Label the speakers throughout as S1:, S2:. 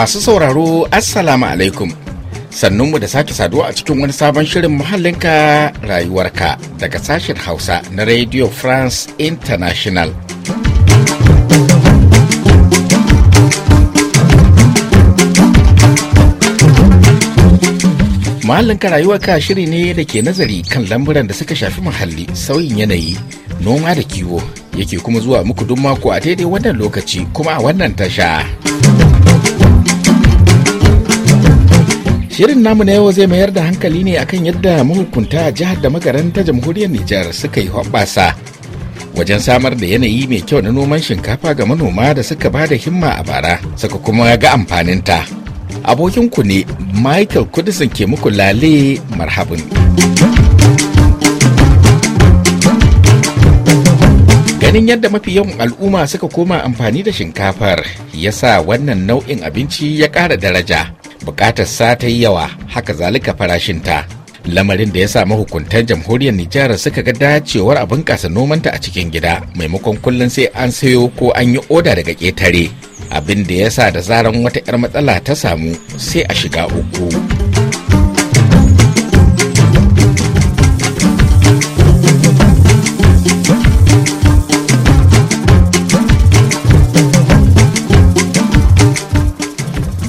S1: Masu sauraro Assalamu alaikum. Sannunmu da sake saduwa a cikin wani sabon shirin muhallinka rayuwarka daga sashen Hausa na Radio France International. Muhallinka rayuwarka shiri ne da ke nazari kan lamuran da suka shafi muhalli, sauyin yanayi, noma da kiwo, yake kuma zuwa muku duk mako a daidai wannan lokaci kuma a wannan tasha. Shirin namu na yau zai mayar da hankali ne akan yadda mahukunta jihar da magaran ta jamhuriyar Nijar suka yi hoɓɓasa wajen samar da yanayi mai kyau na noman shinkafa ga manoma da suka ba da himma a bara suka kuma ga amfaninta. Abokin ku ne Michael Kudisin ke muku lale marhabin. ganin yadda mafi yawan al'umma suka koma amfani da shinkafar ya sa wannan nau'in abinci ya ƙara daraja bukatar sa ta yi yawa haka zalika farashinta lamarin da ya sa hukuntar jamhuriyar nijar suka ga dacewar a bunƙasa nomanta a cikin gida maimakon kullum sai an sayo ko an yi oda daga ƙetare abin da ya sa da zaran wata 'yar matsala ta samu sai a shiga uku.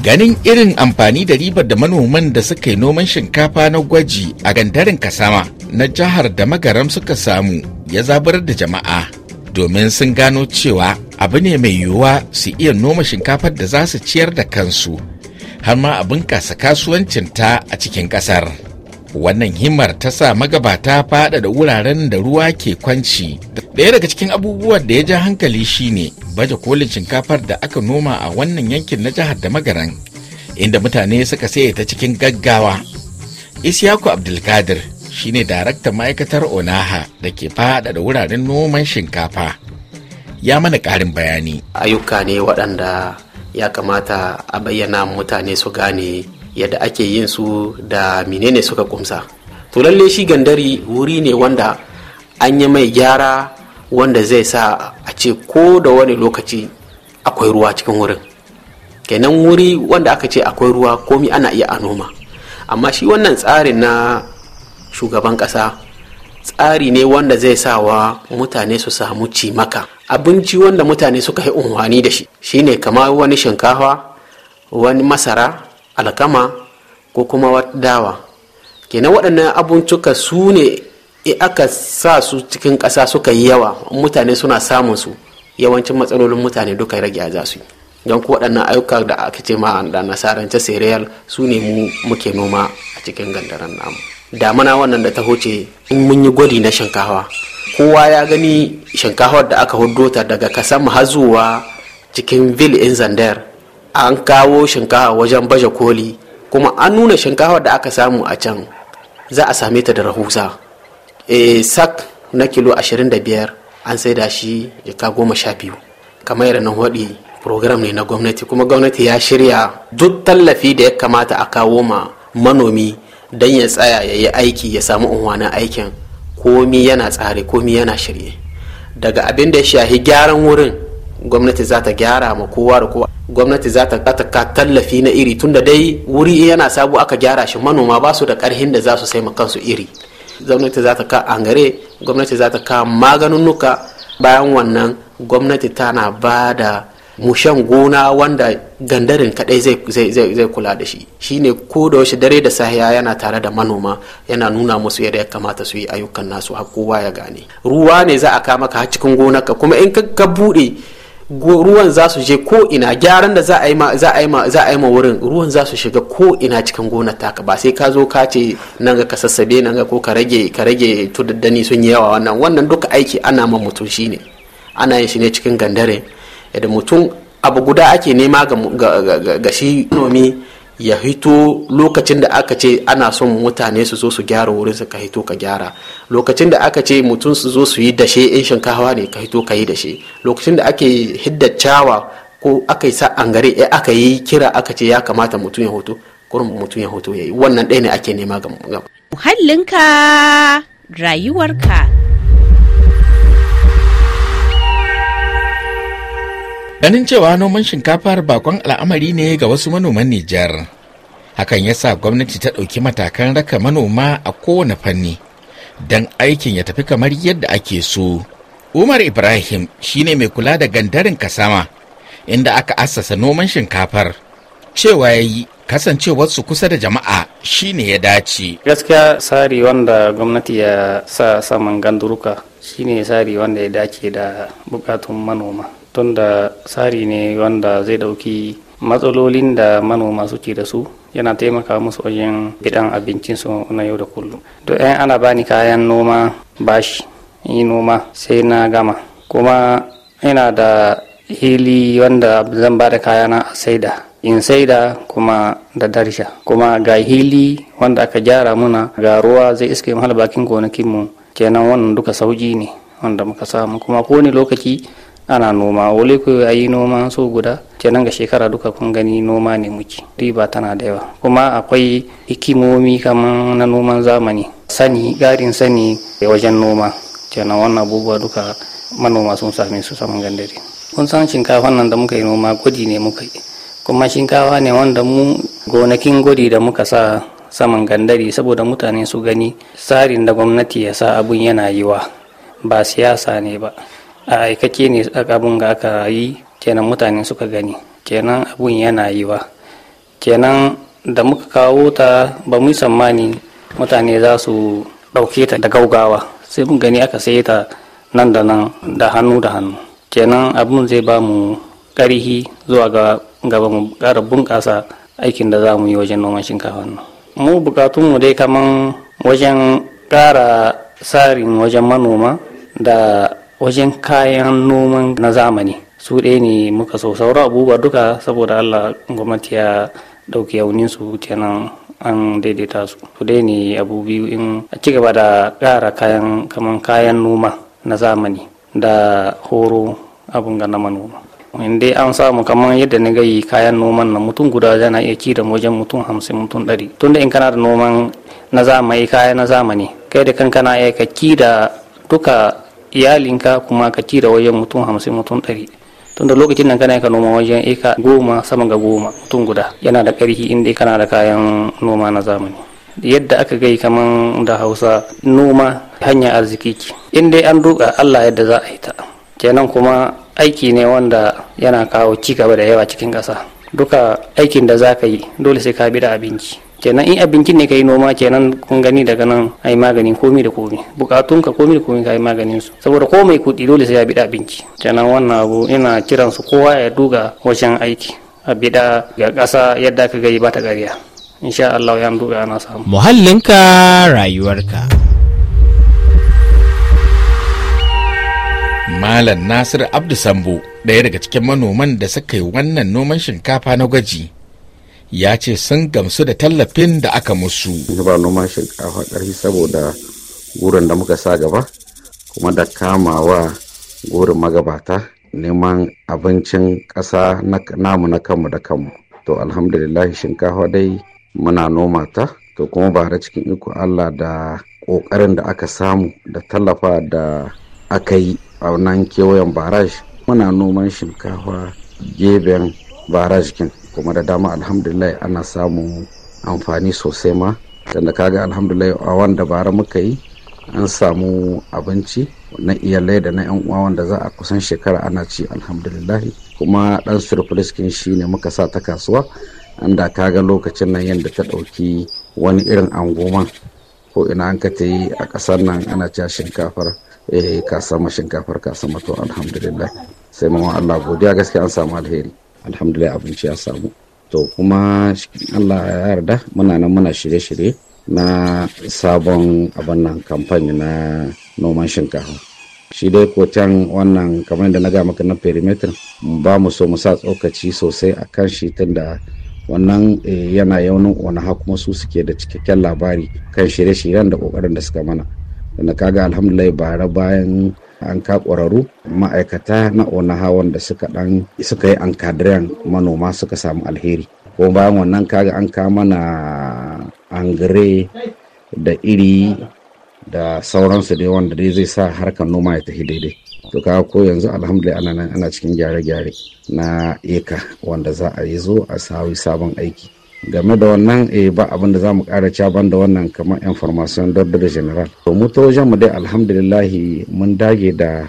S1: ganin irin amfani da ribar da manoman da suka yi noman shinkafa na gwaji a gandarin kasama na jihar da magaram suka samu ya zabar da jama'a domin sun gano cewa abu ne mai yiwuwa su iya noma shinkafar da za su ciyar da kansu har ma a bunƙasa ta a cikin ƙasar wannan himmar ta sa magabata faɗaɗa wuraren da ruwa ke kwanci ɗaya daga cikin abubuwan da ya ja hankali shine baje kolin shinkafar da aka noma a wannan yankin na jihar da magaran inda mutane suka saye ta cikin gaggawa isyaku abdulkadir shine daraktan ma'aikatar onaha da ke faɗaɗa wuraren
S2: noman shinkafa ya mana karin bayani ayyuka ne waɗanda ya kamata a bayyana mutane su gane yadda ake yin su da menene suka kumsa to lalle shi gandari wuri ne wanda an yi mai gyara wanda zai sa a ce ko da wani lokaci akwai ruwa cikin wurin kenan wuri wanda aka ce akwai ruwa komi ana iya a noma amma shi wannan tsarin na shugaban ƙasa tsari ne wanda zai sawa mutane su samu cimaka abinci wanda mutane suka yi unhwani da shi shine kamar wani shinkafa wani masara alkama ko kuma dawa kenan waɗannan abincika su ne in aka sa su cikin ƙasa suka yi yawa mutane suna samun su yawancin matsalolin mutane duka rage a za su yi don ku waɗannan ayyuka da aka ce ma da nasarance cereal su ne mu muke noma a cikin gandaran namu damana wannan da ta huce in mun yi gwadi na shinkawa kowa ya gani shinkawar da aka hudo ta daga kasan hazuwa cikin vil in zandar an kawo shinkawa wajen baje koli kuma an nuna shinkawar da aka samu a can za a same ta da rahusa e, sak na kilo ashirin da biyar an sai da shi jaka goma sha biyu kamar yadda na hodi program ne na gwamnati kuma gwamnati ya shirya duk tallafi da ya kamata a kawo ma manomi don ya tsaya ya yi aiki ya samu unwanin aikin komi yana tsare komi yana shirye daga abin da ya shahi gyaran wurin gwamnati za ta gyara ma kowa da kowa gwamnati za ta ka tallafi na iri tunda dai wuri yana sabu aka gyara shi manoma ba su da karhin da za su sai ma kansu iri gwamnati za ta ka angare gwamnati za ta ka nuka bayan wannan gwamnati tana ba da mushen gona wanda gandarin kadai zai kula da shi shi ko da washe dare da sahiya yana tare da manoma yana nuna musu yadda ya kamata su yi ayyukan nasu har kowa ya gane ruwa ne za a kama ka har cikin gonarka kuma in ka buɗe. ruwan za su je ko ina gyaran da za a yi ma za a yi ma za a yi ma wurin ruwan za su shiga ko ina cikin gonar taka ba sai ka zo ka ce nan ga ka sassabe nan ga ko ka rage ka rage tudaddani sun yi yawa wannan wannan duka aiki ana ma mutum shine ana yin shi ne cikin gandare da mutum abu guda ake nema ga shi nomi ya hito lokacin da aka ce ana son mutane su zo su gyara wurin su ka hito ka gyara lokacin da aka ce mutum su zo su yi dashe in shinkawa ne ka hito ka yi dashe lokacin da ake hidda ko aka yi sa an gare eh, aka yi kira aka ce ya kamata mutum ya hoto kurin mutum ya hoto ya yi wannan ɗaya ne ake nema ga
S3: muhallinka rayuwarka
S1: Ganin cewa noman shinkafar bakon al'amari ne ga wasu manoman Nijar. Hakan ya sa gwamnati ta ɗauki matakan raka manoma a kowane fanni don aikin ya tafi kamar yadda ake so. Umar Ibrahim shine mai kula da gandarin kasama inda aka assasa noman shinkafar. Cewa ya yi kasancewarsu kusa da jama'a shine ya dace.
S3: Gaskiya tsari wanda gwamnati ya sa saman ganduruka shine tsari wanda ya dace da bukatun manoma. Tun da tsari ne wanda zai dauki matsalolin da manoma suke da su yana taimaka musu wajen bidan su na yau da kullum to yan ana bani kayan noma bashi yi noma sai na gama kuma ina da hili wanda zan ba da kayana a saida in saida kuma da darsha kuma ga hili wanda aka gyara muna ga ruwa zai iske mahal bakin gonakinmu kenan wannan duka sauji ne wanda muka samu kuma kowane lokaci ana noma wale ku a yi noma so guda kenan ga shekara duka kun gani noma ne muke riba tana da yawa kuma akwai hikimomi kamar na noman zamani sani garin sani wajen noma kenan wannan abubuwa duka manoma sun same su saman gandare kun san shinkafa nan da muka yi noma gudi ne muka yi kuma shinkafa ne wanda mu gonakin gudi da muka sa saman gandari saboda mutane su gani tsarin da gwamnati ya sa abun yana yiwa ba siyasa ne ba a aikace ne abin ga aka yi kenan mutane suka gani kenan abun yana yi yiwa kenan da muka kawo ta ba mu tsammani mutane za su ɗauke ta da gaugawa sai mun gani aka sai ta nan da nan da hannu da hannu kenan abun zai ba mu ƙarhi zuwa ga gaba mu ƙara bunƙasa aikin da za mu yi wajen noman shinkafa nan mu mu dai kaman wajen ƙara tsarin wajen manoma da wajen kayan noman na zamani su ɗaya ne muka so sauran abubuwa duka saboda allah gwamnati ya ɗauki yaunin su kenan an daidaita su su ɗaya ne abu biyu in a ci gaba da ƙara kayan kaman kayan noma na zamani da horo abun ga na manoma in dai an samu kamar yadda na gayi kayan noman na mutum guda zana iya ci da wajen mutum hamsin mutum ɗari tunda in kana da noman na zamani kayan na zamani kai da kankana na ka ci da duka iyalinka kuma ka cire wajen mutum hamsin mutum ɗari tunda lokacin nan kana ka noma wajen eka goma sama ga goma mutum guda yana da ƙarfi inda kana da kayan noma na zamani yadda aka gai kaman da hausa noma hanya arziki ce in dai an duka allah yadda za a yi ta kenan kuma aiki ne wanda yana kawo ci gaba da yawa cikin ƙasa duka aikin da za ka yi dole sai ka bi da abinci kenan in abincin ne kai noma kenan kun gani daga nan ai maganin komi da komi bukatun ka komi da komi yi maganin su saboda ko mai kuɗi dole sai ya bi abinci kenan wannan abu ina kiran su kowa ya duga wajen aiki a bida ga ƙasa yadda ka gayi ba ta gariya insha Allah ya duga ana samu
S2: muhallinka rayuwarka
S1: Malam Nasir Abdu Sambo ɗaya daga cikin manoman da suka yi wannan noman shinkafa na gwaji ya ce sun gamsu da tallafin da aka musu. Zuba noman shinkafa ƙarfi saboda gurin da muka sa gaba kuma da kamawa
S4: gurin magabata neman abincin ƙasa namu na kanmu da kanmu. To alhamdulillah shinkafa dai muna noma ta to kuma ba da cikin iko Allah da ƙoƙarin da aka samu da tallafa da aka yi a nan kewayen baraj muna noman shinkafa gefen barajkin. kin kuma da dama alhamdulillah ana samun amfani sosai ma tunda kaga alhamdulillah a wanda bara muka yi an samu abinci na iyalai da na 'yan uwa wanda za a kusan shekara ana ci alhamdulillah kuma dan surplus kin shine muka sa ta kasuwa inda kaga lokacin nan yadda ta ɗauki wani irin angoman ko ina an ka ta yi a ƙasar nan ana ci shinkafar eh ka sama shinkafar ka sama to alhamdulillah sai mu Allah godiya gaskiya an samu alheri alhamdulillah abinci ya samu to kuma allah ya yarda muna nan muna shirye-shirye na sabon abin nan kamfani na noman shinkafa shi dai ko can wannan kamar da na ga maka na perimeter ba mu so mu sa tsokaci sosai a kan shi tunda wannan eh, yana yaunin onaha kuma su suke da cikakken labari kan shirye-shiryen da kokarin da suka mana da kaga alhamdulillah bara bayan an ka ƙwararru ma'aikata na onaha wanda suka dan suka yi an kadiran manoma suka samu alheri ko bayan wannan kaga an ka mana angare da iri da sauransu dai wanda dai zai sa harkar noma ya tafi daidai to kaga ko yanzu alhamdulillah ana nan ana cikin gyare-gyare na eka wanda za a yi zo a sawi sabon aiki game da wannan eh ba abin da za mu kara caban da wannan kamar information darda da general to mu ta wajen dai alhamdulillahi mun dage da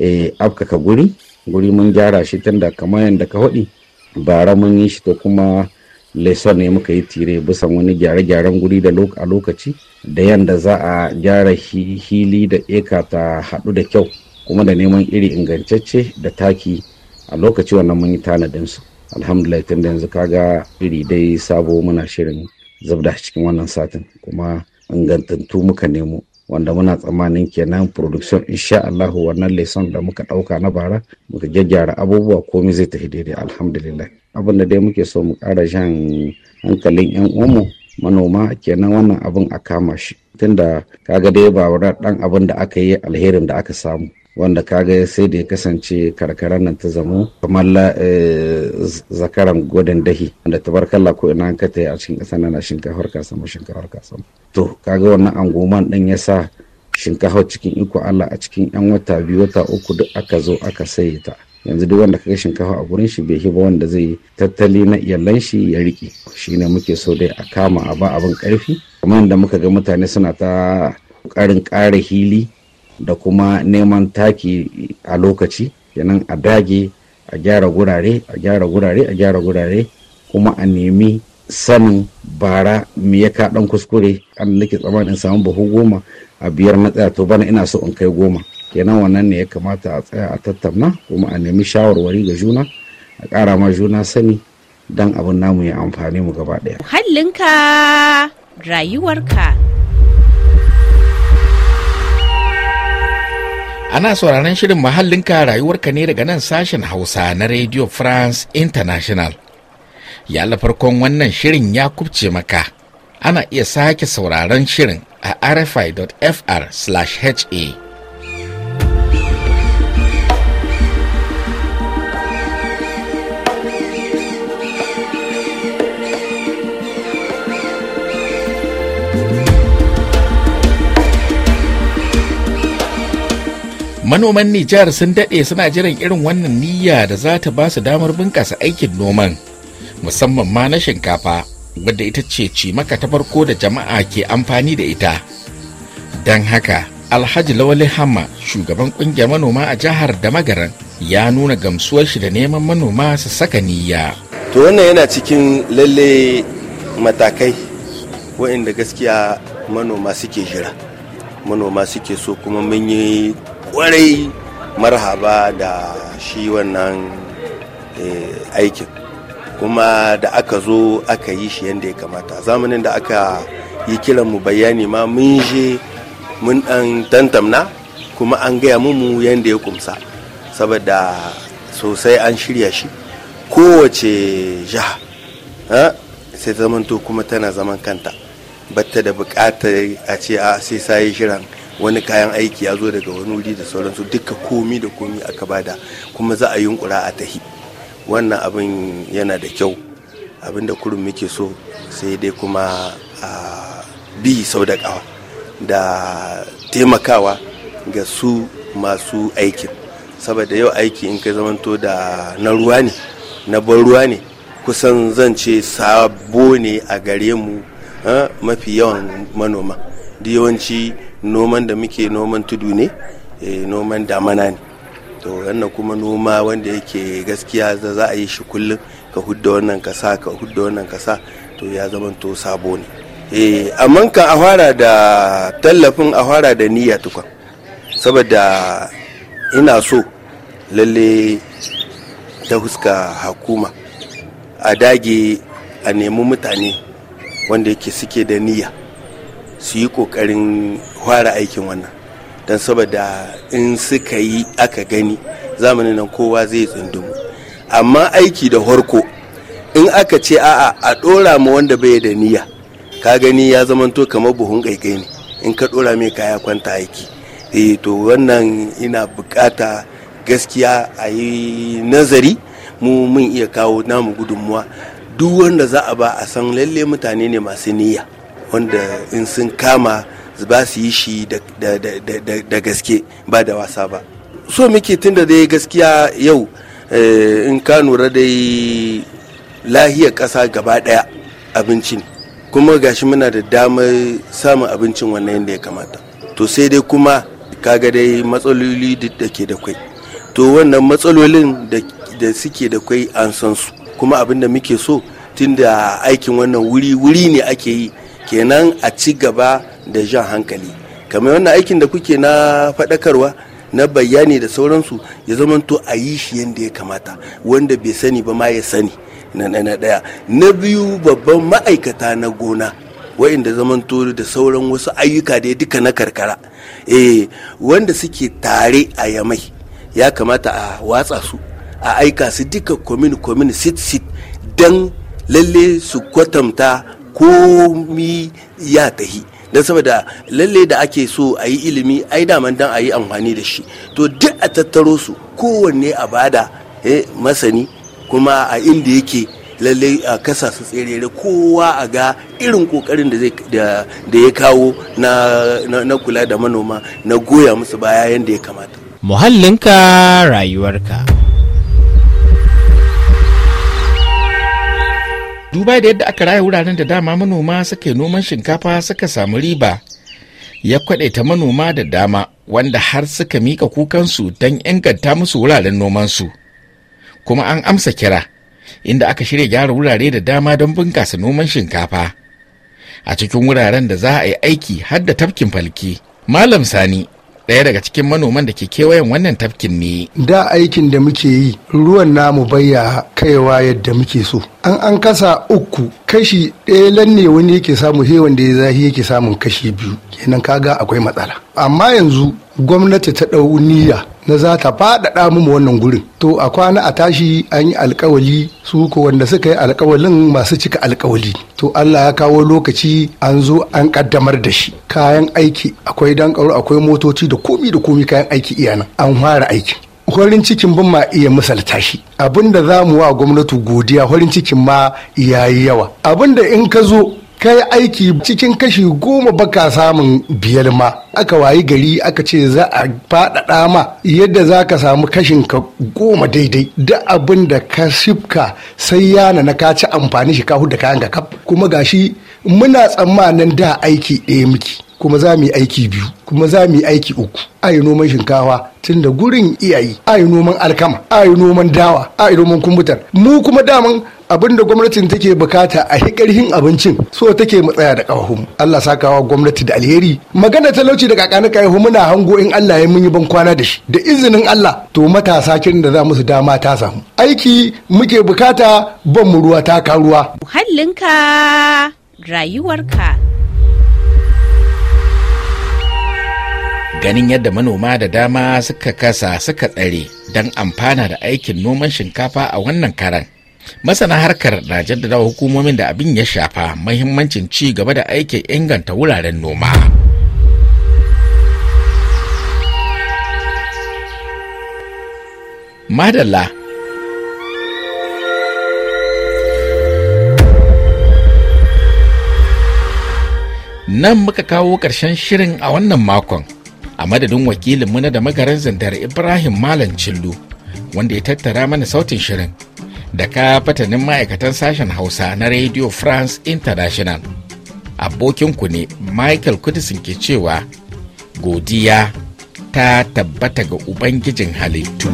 S4: eh afkaka guri guri mun gyara shi tunda kamar yanda ka hudi bara mun yi shi to kuma lesson ne muka yi tire bisa wani gyare-gyaren guri da a lokaci da yanda za a gyara hili da eka ta haɗu da kyau kuma da neman iri ingantacce da taki a lokaci wannan mun yi tanadin su alhamdulillah tun da yanzu kaga iri dai sabo muna shirin zabda cikin wannan satin kuma ingantattu muka nemo wanda muna tsammanin kenan production insha Allah wannan lesson da muka dauka na bara muka gyaggyara abubuwa komai zai tafi daidai alhamdulillah abin da dai muke so mu kara shan hankalin yan uwanmu manoma kenan wannan abin a kama shi tunda kaga dai ba dan abin da aka yi alherin da aka samu wanda kaga sai da ya kasance karkarar nan ta zamo kamar eh, zakaran gwadon dahi wanda tabarkalla ko ina ka ta a cikin ƙasar nan shinkafar ka samu shinkafar ka samu to kaga wannan angoman din ya sa shinkafar cikin iko Allah a cikin yan wata biyu wata uku duk aka zo aka saye ta yanzu duk wanda kaga shinkafa a gurin shi bai hiba wanda zai yi. tattali na iyalan shi ya riƙe shine muke so dai a kama a ba abin ƙarfi kamar yadda muka ga mutane suna ta ƙarin ƙara hili da kuma neman taki a lokaci kenan a dage a gyara gurare a gyara gurare a gyara gurare kuma a nemi sanin bara me ya ka kuskure an nake tsammanin samu buhu goma a biyar na tsaya to bana ina so in kai goma kenan wannan ne ya kamata a tsaya a tattauna kuma a nemi shawarwari ga juna a ƙara ma juna sani dan abin namu ya amfani mu gaba ɗaya.
S3: Hallinka rayuwarka.
S1: Ana sauraron shirin muhallinka rayuwarka ne daga nan sashen Hausa na Radio France International. Ya farkon wannan shirin ya kubce maka. Ana iya sake sauraron shirin a rfi.fr/ha. manoman nijar sun daɗe suna jiran irin wannan niyya da za ta ba su damar bunƙasa aikin noman musamman ma na shinkafa wadda ita ce cimaka ta farko da jama'a ke amfani da ita don haka alhaji lawali hama shugaban ƙungiyar manoma a jihar damagaran ya nuna gamsuwar shi da neman manoma su saka niyya
S5: to wannan yana cikin lalle matakai wa'inda gaskiya manoma suke jira manoma suke so kuma mun yi kwarai marhaba da shi wannan eh, aikin kuma da aka zo aka yi shi yadda ya kamata zamanin da aka yi kiran mu bayani ma mun je mun dan tantamna kuma an gaya mu yadda ya kumsa saboda sosai an shirya shi kowace jiha sai zamanto kuma tana zaman kanta batta da bukatar a ce a sai sayi shirin wani kayan aiki ya zo daga wani wuri da sauransu duka komi da komi aka bada kuma za a yunkura a tahi wannan abin yana da kyau abin da kurum muke so sai dai kuma a bi sau da kawa da taimakawa ga su masu aikin saboda yau aiki in ka zamanto da na ruwa ne na ban ruwa ne kusan zan ce sabo ne a gare mu eh, mafi yawan manoma da yawanci noman da muke noman tudu ne eh, noman damana ne to wannan kuma noma wanda yake gaskiya za a yi shi kullum ka hudda wannan kasa ka hudda wannan kasa to ya zama to sabo ne eh amma kan a fara da tallafin a fara da niyya tukwa saboda ina so lalle ta huska hakuma a dage a nemi mutane wanda yake suke da niyya su yi kokarin fara aikin wannan don saboda in suka yi aka gani zamanin nan kowa zai tsundumu amma aiki da horko in aka ce a'a a ɗora ma wanda bai da niyya ka gani ya zamanto kamar buhun kaikai ne in ka ɗora mai kaya kwanta aiki eh to wannan ina bukata gaskiya a yi nazari mu mun iya kawo namu gudunmuwa duk wanda za a ba a san lalle mutane ne masu niyya wanda in sun kama ba su yi shi da gaske ba da wasa ba so muke tun da dai gaskiya yau eh, in ka nura dai lahiyar ƙasa gaba ɗaya abincin kuma gashi muna da damar samun abincin wannan yadda ya kamata to sai dai kuma kaga dai matsaloli da ke da kwai to wannan matsalolin da suke da kwai an san su kuma abin da muke so tun da aikin wannan wuri wuri ne ake yi kenan a ci gaba da jan hankali kamar wannan aikin da kuke na faɗakarwa na bayani da sauransu ya zamanto a yi shi yadda ya kamata wanda bai sani ba ma ya sani na ɗaya na biyu babban ma'aikata na gona wa'inda zamanto da sauran wasu ayyuka da ya duka na karkara eh wanda suke tare a yamai ya kamata a watsa su a aika su duka komin komin sit sit don lalle su kwatanta komi ya tahi don saboda lalle da ake so a yi ilimi ai daman dan a yi amfani da shi to duk a tattaro su kowanne a bada eh, masani kuma a inda yake lalle a kasa su tserere kowa a ga irin kokarin da ya kawo na kula da manoma na goya musu baya yadda ya kamata
S2: muhallinka rayuwarka
S1: duba da yadda aka raya wuraren da dama manoma suke noman shinkafa suka samu riba ya kwadaita manoma da dama wanda har suka mika kukansu don inganta musu wuraren nomansu kuma an amsa kira inda aka shirya gyara wurare da dama don bunkasa noman shinkafa a cikin wuraren da za a yi aiki har da tafkin falki malam sani ɗaya daga cikin manoman da ke kewayen wannan tafkin ne
S6: da aikin da muke yi ruwan namu bayya kaiwa yadda muke so an an kasa uku kashi ɗaya lanne wani yake samu he wanda ya zahi yake samun kashi biyu kenan kaga akwai matsala amma yanzu gwamnati ta ɗau niyya na za ta faɗaɗa mu wannan gurin to a kwana a tashi an yi alkawali su ko wanda suka yi alkawalin masu cika alkawali to Allah ya kawo lokaci an zo an kaddamar da shi kayan aiki akwai dankaro akwai motoci da komi da komi kayan aiki iya nan. an fara aiki horin cikin ban ma iya misalta shi abinda za mu wa gwamnati godiya horin cikin ma yayi yawa abinda in ka zo kai aiki cikin kashi goma baka samun biyar ma aka wayi gari aka ce za a faɗaɗa ma yadda za ka samu kashin ka goma daidai da abin da ka sifka sai yana na ka ci amfani shi ka huda kayan ga kaf kuma gashi muna tsammanin da aiki ɗaya miki kuma za mu yi aiki biyu kuma za mu yi aiki uku a yi noman shinkawa tun da gurin iyayi a yi noman alkama a yi noman dawa a yi noman kumbutar mu kuma daman abin da gwamnatin take bukata a karhin abincin so take matsaya da kawahun Allah saka wa gwamnati da alheri magana talauci da kakani kayahu muna hango in Allah ya mun yi ban kwana da shi da izinin Allah to matasa kin da za musu dama ta samu aiki muke bukata ban mu ruwa ta karuwa
S3: muhallinka rayuwarka
S1: ganin yadda manoma da dama suka kasa suka tsare don amfana da aikin noman shinkafa a wannan karan masana harkar na jaddada hukumomin da abin ya shafa mahimmancin ci gaba da aikin inganta wuraren noma madalla nan muka kawo ƙarshen shirin a wannan makon a madadin wakilinmu na da magarin zandar ibrahim malam cillu wanda ya tattara mana sautin shirin da ka fatanin ma'aikatan sashen hausa na radio france international abokinku ne michael kudisin ke cewa godiya ta tabbata ga ubangijin halittu.